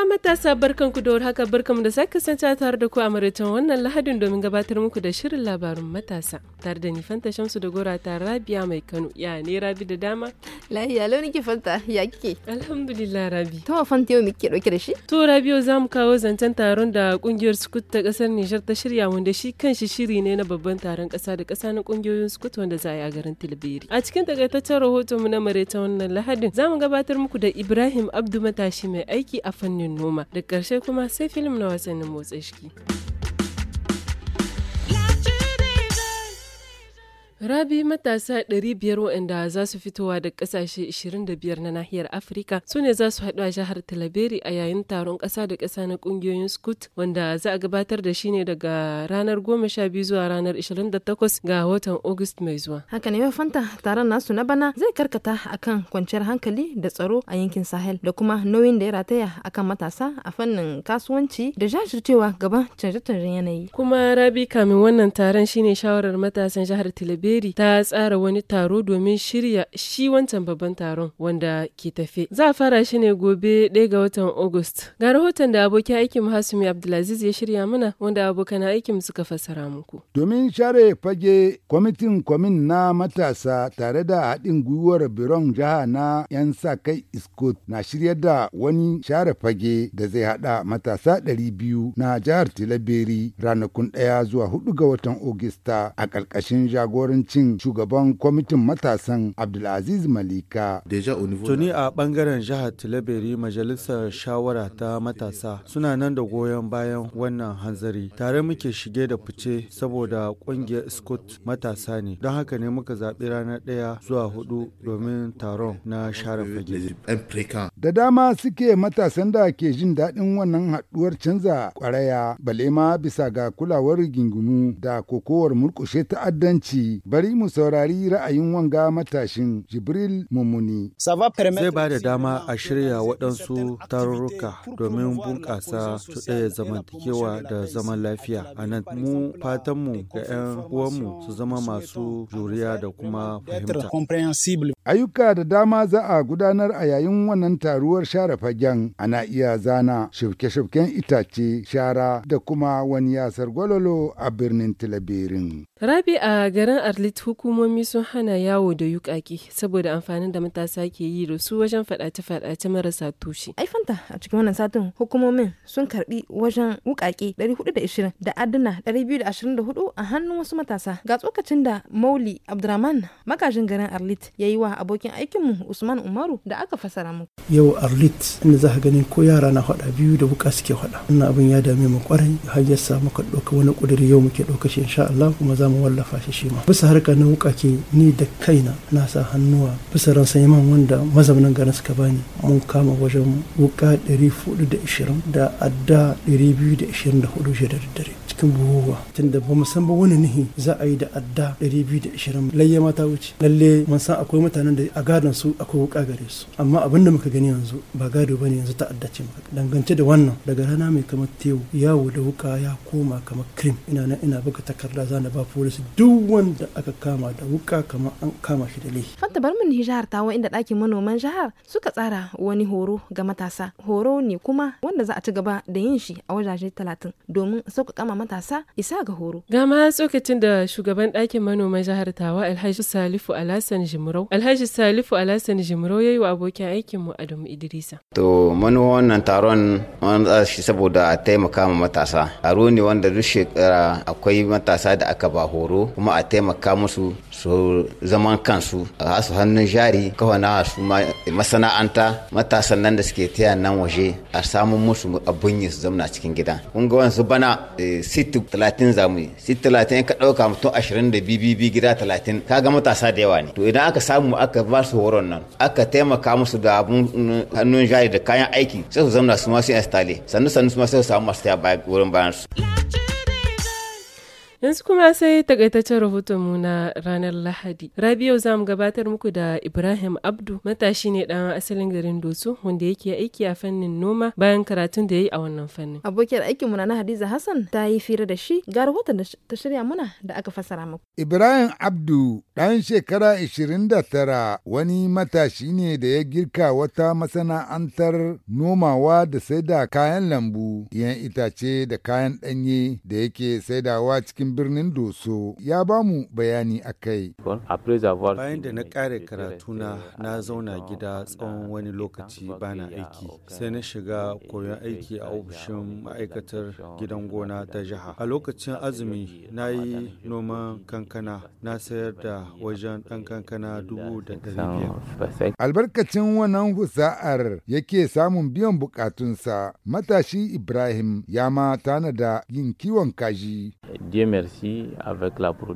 uwa matasa barkanku da haka barkanmu da sake kasance tare da ku a maraicin wannan lahadin domin gabatar muku da shirin labarin matasa tare da ni fanta shamsu da gora ta rabia mai kano ya ne rabi da dama lahiya lau nake fanta ya kike alhamdulillah rabi to fanta yau muke dauke da shi to rabi za mu kawo zancen taron da kungiyar sukut ta kasar nijar ta shirya wanda shi kanshi shiri ne na babban taron kasa da kasa na kungiyoyin sukut wanda za a yi a garin tilbiri a cikin takaitaccen rahoton mu na maraicin wannan lahadin za mu gabatar muku da ibrahim abdu matashi mai aiki a fannin noma. Da ƙarshe kuma sai filim na wasannin motsa shiki. Rabi matasa 500 waɗanda za su fitowa da ƙasashe 25 na nahiyar Afirka su ne za su haɗu a jihar Talaberi a yayin taron ƙasa da ƙasa na ƙungiyoyin Scout wanda za a gabatar da shi ne daga ranar 12 zuwa ranar 28 ga watan August mai zuwa. Haka ne fanta taron nasu na bana zai karkata akan kwanciyar hankali da tsaro a yankin Sahel da kuma nauyin da ya rataya akan matasa a fannin kasuwanci da jajircewa gaban canje-canjen yanayi. Kuma Rabi kamin wannan taron shine shawarar matasan jihar Talaberi Tilaberi ta tsara wani taro domin shirya shi wancan babban taron wanda ke tafe. Za a fara shi ne gobe 1 ga watan August. Ga rahoton da abokin aikin Hasumi Abdulaziz ya shirya mana wanda abokan aikin suka fassara muku. Domin share fage kwamitin kwamin na matasa tare da haɗin gwiwar Biron jiha na 'yan sa kai Iskot na shirya da wani share fage da zai haɗa matasa 200 na jihar Tilaberi ranakun ɗaya zuwa hudu ga watan Ogista a ƙarƙashin jagoran jagorancin shugaban kwamitin matasan Abdulaziz Malika. Tuni a bangaren jihar Tilaberi majalisar shawara ta matasa suna nan da goyon bayan wannan hanzari. Tare muke shige da fice saboda kungiyar Scott matasa ne. Don haka ne muka zaɓi ranar ɗaya zuwa hudu domin taron na share fage. Da dama suke matasan da ke jin daɗin wannan haɗuwar canza kwaraya balema bisa ga kulawar gingimu da kokowar murkushe ta'addanci Bari mu saurari ra'ayin wanga matashin Jibril Mummuni. Zai ba da dama a shirya waɗansu tarurruka domin bunƙasa su ɗaya zamantakewa da zaman lafiya a nan. Mu fatanmu ga 'yan uwanmu su zama masu juriya da kuma fahimta. Ayyuka da dama za a gudanar a yayin wannan taruwar share fagen ana iya zana shifke-shifken itace shara da kuma wani yasar gwalolo a birnin Tilabirin. Rabi a garin Izlit hukumomi sun hana yawo da yukaki saboda amfanin da matasa ke yi da su wajen faɗace-faɗace marasa tushe. Ai fanta a cikin wannan satin hukumomin sun karbi wajen wukake 420 da adduna 224 a hannun wasu matasa. Ga tsokacin da Mauli Abdurrahman magajin garin Arlit ya yi wa abokin aikinmu Usman Umaru da aka fasara mu. Yau Arlit inda za ganin ko yara na hada biyu da wuka suke hada. Wannan abin ya dame mu kwarai har ya samu ka ɗauka wani ƙudiri yau muke ɗauka shi insha Allah kuma za mu wallafa shi shi ma. Bisa harka na ke ni da kaina na sa hannuwa bisa ran man wanda mazaunan garin suka bani mun kama wajen wuka 420 da adda 224 da daddare cikin buhuwa tunda ba mu san ba wani nihi za a yi da adda 220 layya mata wuce lalle mun san akwai mutanen da a gadon su akwai wuka gare su amma abin da muka gani yanzu ba gado bane yanzu ta adda maka dangance da wannan daga rana mai kamar tewu yawo da wuka ya koma kamar cream ina nan ina buga takarda za na ba polis duk wanda aka kama da wuka kamar an kama shi da laifi fanta bar mun jihar ta inda ɗakin manoman jihar suka tsara wani horo ga matasa horo ne kuma wanda za a ci gaba da yin shi a wajaje talatin domin sauƙaƙa matasa isa ga horo. Ga tsokacin da shugaban ɗakin manoman jihar Tawa Alhaji Salifu Alhassan Jimrau. Alhaji Salifu Alhassan Jimrau ya yi wa abokin aikin mu Adamu Idrisa. To manufan wannan taron wani za shi saboda a taimaka ma matasa. aro ne wanda duk shekara akwai matasa da aka ba horo kuma a taimaka musu su zaman kansu a hasu hannun jari kawana su masana'anta matasan nan da suke taya nan waje a samun musu abun yi su cikin gida. Kun ga wani su bana eh, 30 za mu yi sitti talatin in ka ɗauka mutum ashirin da bibi gida talatin ka ga matasa da yawa ne to idan aka samu aka ba su horon nan aka taimaka musu da mm, hannun jari da kayan aiki sai su zamna su ma su yi sannu sannu su ma sai su samu masu taya wurin bayan su. Yanzu kuma sai takaitaccen rahoton mu na ranar Lahadi. Rabi'u za mu gabatar muku da Ibrahim Abdu, matashi ne dan asalin garin dosu wanda yake aiki a fannin noma bayan karatun da ya yi a wannan fannin. Abokiyar mu na Hadiza Hassan ta yi fira da shi ga rahoton da ta shirya muna da aka fassara muku. Ibrahim Abdu ɗan shekara tara wani matashi ne da ya girka wata masana'antar nomawa da saida kayan lambu, 'yan itace da kayan ɗanye da yake saidawa cikin birnin Doso ya ba mu bayani a kai. Bayan da na kare karatuna na zauna gida tsawon wani lokaci bana aiki sai na shiga koyon aiki a ofishin ma'aikatar gidan gona ta jiha. A lokacin azumi na yi noman kankana na sayar da wajen ɗan kankana dubu da Albarkacin wannan husa'ar yake samun biyan bukatunsa matashi Ibrahim ya ma tana da yin kiwon kaji.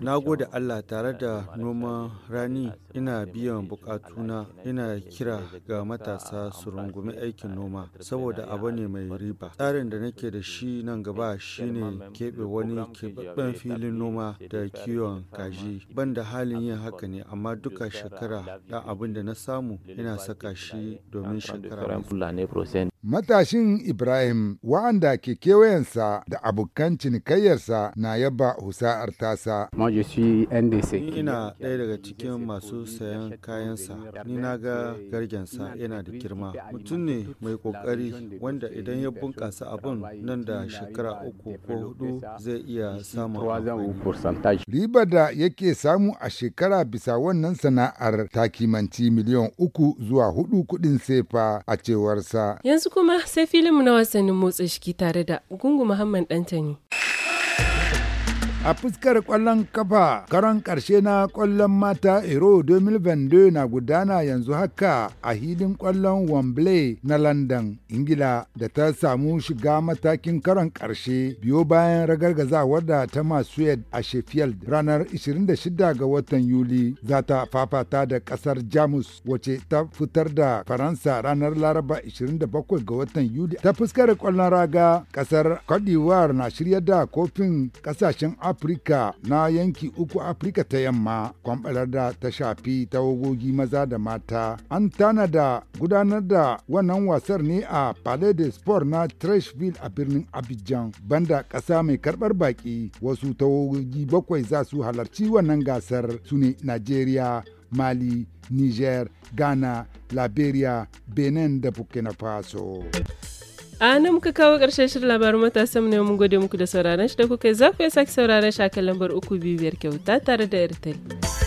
Na gode Allah tare da noman rani ina biyan bukatuna ina kira ga matasa su rungumi aikin noma saboda abu ne mai riba. Tsarin da nake da shi nan gaba shine keɓe wani keɓaɓɓen filin noma da kiwon kaji. Ban da halin yin haka ne amma duka shekara ɗan abin da na samu ina saka shi domin shekara. Matashin Ibrahim wa'anda ke kewayensa da abokan cinikayyarsa na yaba husa'ar tasa. Ni ina ɗaya daga cikin masu sayan kayansa, ni na ga gargensa yana da girma. Mutum ne mai ƙoƙari wanda idan ya bunƙasa abun nan da shekara uku ko hudu zai iya samun Riba da yake samu a shekara bisa wannan sana'ar ta kimanci miliyan uku zuwa hudu kuɗin sefa a cewarsa. kuma sai filinmu na wasannin motsa shiki tare da Gungu Muhammad Dantani. A fuskar kwallon kafa, karon ƙarshe na kwallon mata Ero 2022 na gudana yanzu haka a hidin kwallon Wembley na London, Ingila, da ta samu shiga matakin karon ƙarshe biyo bayan ragargazawar da ta masu a Sheffield ranar 26 ga watan Yuli za ta fafata da ƙasar Jamus wace ta fitar da Faransa ranar Laraba 27 ga watan Yuli. Ta fuskar kwallon raga, ƙasar Cote na shirya da kofin ƙasashen afirka na yanki uku afirka ta yamma kwamɓarar da ta shafi tawagogi maza da mata an tanada gudanar da wannan wasar ne a palais de sport na trashville a birnin abidjan banda ƙasa mai karɓar baƙi wasu tawagogi bakwai za su halarci wannan gasar su ne nigeria mali niger ghana liberia benin da burkina faso A nan muka kawo ƙarshen shirin labarin matasan ne mun gode muku da sauraron shi da kuka zafi ya sake sauraron shi a kan lambar uku biyu biyar kyauta tare da Airtel.